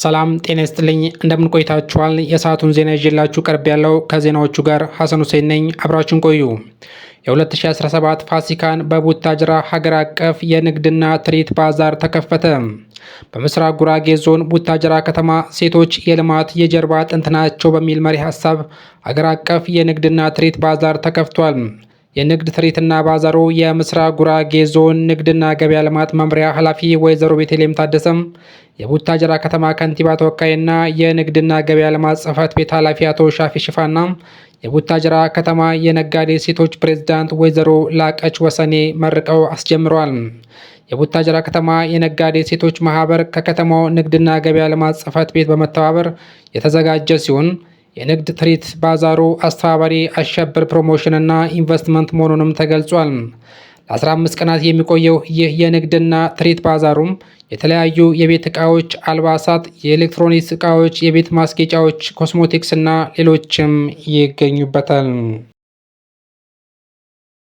ሰላም ጤና ይስጥልኝ። እንደምን ቆይታችኋል? የሰዓቱን ዜና ይዤላችሁ ቀርብ ያለው ከዜናዎቹ ጋር ሀሰን ሁሴን ነኝ። አብራችን ቆዩ። የ2017 ፋሲካን በቡታጅራ ሀገር አቀፍ የንግድና ትርኢት ባዛር ተከፈተ። በምስራቅ ጉራጌ ዞን ቡታጅራ ከተማ ሴቶች የልማት የጀርባ አጥንት ናቸው በሚል መሪ ሀሳብ ሀገር አቀፍ የንግድና ትርኢት ባዛር ተከፍቷል። የንግድ ትርኢትና ባዛሩ የምስራቅ ጉራጌ ዞን ንግድና ገበያ ልማት መምሪያ ኃላፊ ወይዘሮ ቤተልሔም ታደሰም፣ የቡታጀራ ከተማ ከንቲባ ተወካይና የንግድና ገበያ ልማት ጽህፈት ቤት ኃላፊ አቶ ሻፊ ሽፋና፣ የቡታጀራ ከተማ የነጋዴ ሴቶች ፕሬዝዳንት ወይዘሮ ላቀች ወሰኔ መርቀው አስጀምረዋል። የቡታጀራ ከተማ የነጋዴ ሴቶች ማህበር ከከተማው ንግድና ገበያ ልማት ጽህፈት ቤት በመተባበር የተዘጋጀ ሲሆን የንግድ ትርኢት ባዛሩ አስተባባሪ አሸብር ፕሮሞሽንና ኢንቨስትመንት መሆኑንም ተገልጿል። ለ15 ቀናት የሚቆየው ይህ የንግድና ትርኢት ባዛሩም የተለያዩ የቤት ዕቃዎች፣ አልባሳት፣ የኤሌክትሮኒክስ ዕቃዎች፣ የቤት ማስጌጫዎች፣ ኮስሞቲክስ እና ሌሎችም ይገኙበታል።